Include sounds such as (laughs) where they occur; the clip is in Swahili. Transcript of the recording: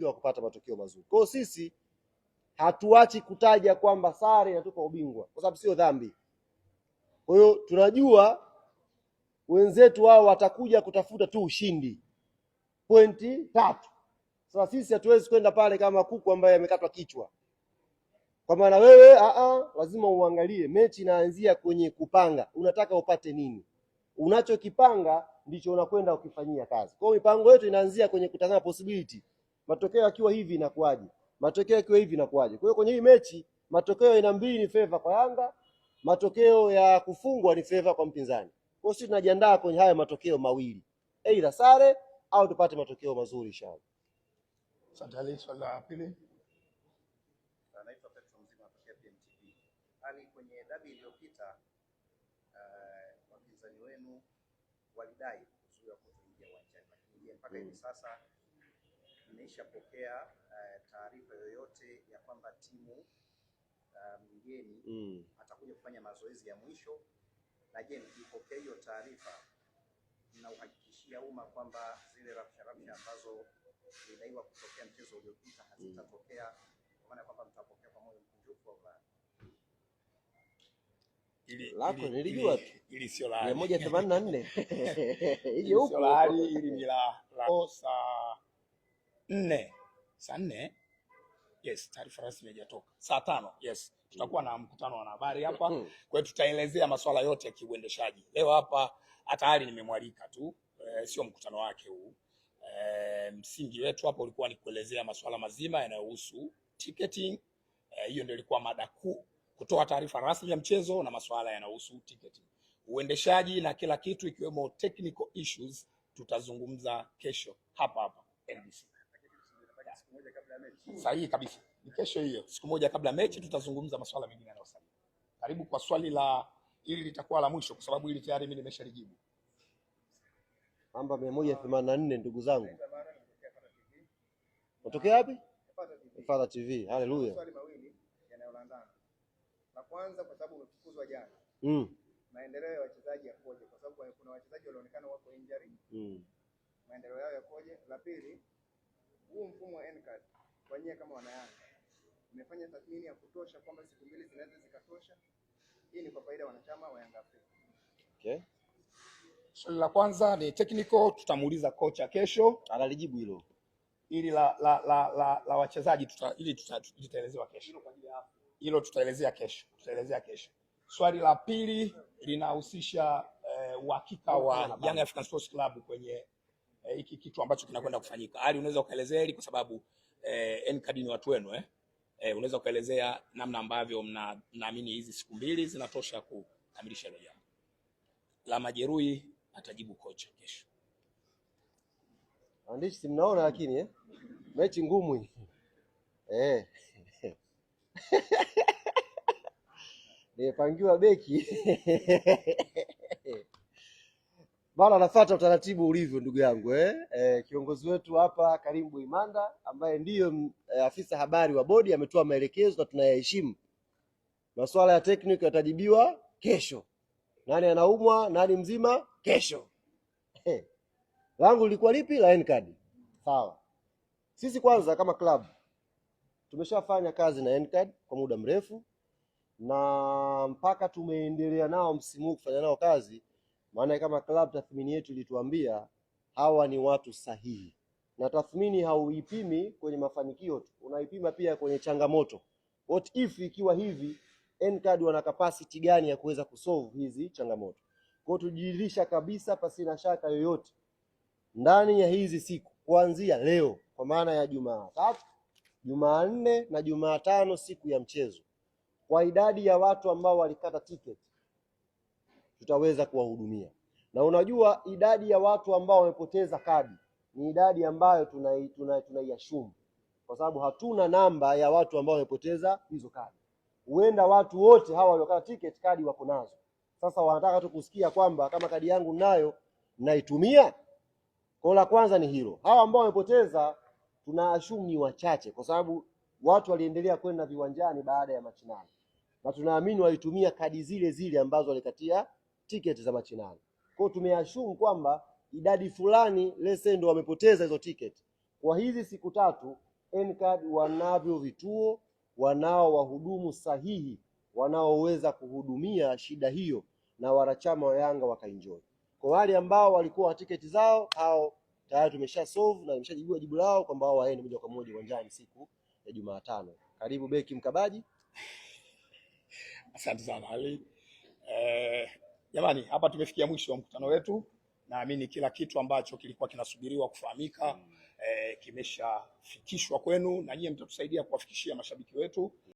wa kupata matokeo mazuri. Kwa hiyo sisi hatuachi kutaja kwamba sare inatupa ubingwa, kwa sababu sio dhambi. Kwa hiyo tunajua wenzetu wao watakuja kutafuta tu ushindi, pointi tatu. Sasa sisi hatuwezi kwenda pale kama kuku ambaye amekatwa kichwa, kwa maana wewe aa, lazima uangalie mechi inaanzia kwenye kupanga, unataka upate nini? Unachokipanga ndicho unakwenda ukifanyia kazi. Kwa hiyo mipango yetu inaanzia kwenye kutazama possibility matokeo yakiwa hivi inakuwaje, matokeo yakiwa hivi inakuwaje. Kwa hiyo kwenye hii mechi matokeo ina mbili ni favor kwa Yanga, matokeo ya kufungwa ni favor kwa mpinzani. Kwa hiyo sisi tunajiandaa kwenye haya matokeo mawili, aidha sare au tupate matokeo mazuri inshallah. Asante Ali, swali la pili. Anaitwa Petro Mzima kutoka PMTV. Ali, kwenye dabi iliyopita eh, wapinzani wenu walidai kuzuiwa kuingia uwanjani, lakini mpaka hivi sasa Nimeshapokea uh, eh, taarifa yoyote ya kwamba timu eh, mgeni um, mm. atakuja kufanya mazoezi ya mwisho, na je, mkipokea hiyo taarifa mnauhakikishia umma kwamba zile rabsha rabsha ambazo zilidaiwa kutokea mchezo uliopita mm. hazitatokea kwa maana kwamba mtapokea kwa moyo mkunjufu au la? Lako nilijua tu mia moja themanini na nne (laughs) (laughs) ili ni la oh. kosa nne saa nne yes, taarifa rasmi haijatoka. Saa tano yes, tutakuwa na mkutano wa habari hapa, mm-hmm. kwa hiyo tutaelezea masuala yote ya kiuendeshaji. Leo hapa hata nimemwalika tu e, sio mkutano wake huu e, msingi wetu hapo ulikuwa ni kuelezea masuala mazima yanayohusu ticketing. Eh, hiyo e, ndio ilikuwa mada kuu, kutoa taarifa rasmi ya mchezo na masuala yanayohusu ticketing, uendeshaji na kila kitu ikiwemo technical issues tutazungumza kesho hapa hapa NBC. Sahihi kabisa, ni kesho hiyo, siku moja kabla ya mechi tutazungumza masuala mengine yanayosalia. Karibu kwa swali la hili, litakuwa la mwisho kwa sababu hili tayari mimi nimeshalijibu. Namba mia moja themanini na nne ndugu zangu, natokea wapi? Fadha TV. Haleluya. Swali mawili yanayolandana, La kwanza kwa sababu umefukuzwa jana. Mm. Maendeleo ya wachezaji yakoje? Kwa sababu kuna wachezaji walionekana wako injury. Mm. Maendeleo yao yakoje? La pili huu mfumo wa Ncard kwa nyie kama wanayanga, mmefanya tathmini ya kutosha kwamba siku mbili zinaweza zikatosha? Hii ni kwa faida wanachama wa Yanga Afrika. Okay. Swali la kwanza ni technical, tutamuuliza kocha kesho analijibu hilo. Ili la la la la, la wachezaji tuta, ili tutaelezewa kesho. Hilo tutaelezea kesho, tutaelezea kesho. Swali la pili linahusisha eh, uhakika eh, wa Young African Sports Club kwenye Eh, hiki e, kitu ambacho kinakwenda kufanyika. Ali, unaweza ukaelezea hili kwa sababu eh, n ni watu wenu eh? Eh, unaweza ukaelezea namna ambavyo mnaamini hizi siku mbili zinatosha kukamilisha hilo jambo. La majeruhi atajibu kocha kesho. Andishi si mnaona lakini eh? Mechi ngumu hii. Eh. (laughs) Nimepangiwa beki (laughs) Bwana nafuata utaratibu ulivyo ndugu yangu eh? Eh, kiongozi wetu hapa karimu Bwimanda ambaye ndiyo eh, afisa habari wa bodi ametoa maelekezo na tunayaheshimu. Masuala ya tekniki yatajibiwa kesho, nani anaumwa nani mzima kesho. Eh, langu lilikuwa lipi? La Ncard. Sawa, sisi kwanza kama club tumeshafanya kazi na Ncard kwa muda mrefu na mpaka tumeendelea nao msimu huu kufanya nao kazi maana kama club tathmini yetu ilituambia hawa ni watu sahihi, na tathmini hauipimi kwenye mafanikio tu, unaipima pia kwenye changamoto. What if ikiwa hivi, Ncard wana capacity gani ya kuweza kusolve hizi changamoto? Kwa tujiridhisha kabisa pasina shaka yoyote ndani ya hizi siku kuanzia leo, kwa maana ya Jumatatu, Jumanne na Jumatano, siku ya mchezo, kwa idadi ya watu ambao walikata tiketi tutaweza kuwahudumia. Na unajua idadi ya watu ambao wamepoteza kadi ni idadi ambayo tunaiashumu, tuna, tuna kwa sababu hatuna namba ya watu ambao wamepoteza hizo kadi. Huenda watu wote hawa waliokata tiketi kadi wako nazo, sasa wanataka tu kusikia kwamba kama kadi yangu nayo naitumia. Kwa la kwanza ni hilo, hawa ambao wamepoteza tunaashumu ni wachache, kwa sababu watu waliendelea kwenda viwanjani baada ya machinano, na tunaamini walitumia kadi zile zile ambazo walikatia tiketi za machinano. Kwa hiyo tumeashumu kwamba idadi fulani lese ndo wamepoteza hizo tiketi. Kwa hizi siku tatu NCARD wanavyo vituo, wanao wahudumu sahihi wanaoweza kuhudumia shida hiyo, na wanachama wa Yanga wakaenjoy. Kwa wale ambao walikuwa na tiketi zao, hao tayari tumesha solve na nimeshajibua jibu lao kwamba wao waende moja kwa moja uwanjani siku ya Jumatano. Karibu beki mkabaji. (laughs) Asante sana Ali. Eh, Jamani, hapa tumefikia mwisho wa mkutano wetu. Naamini kila kitu ambacho kilikuwa kinasubiriwa kufahamika, mm, eh, kimeshafikishwa kwenu na nyie mtatusaidia kuwafikishia mashabiki wetu.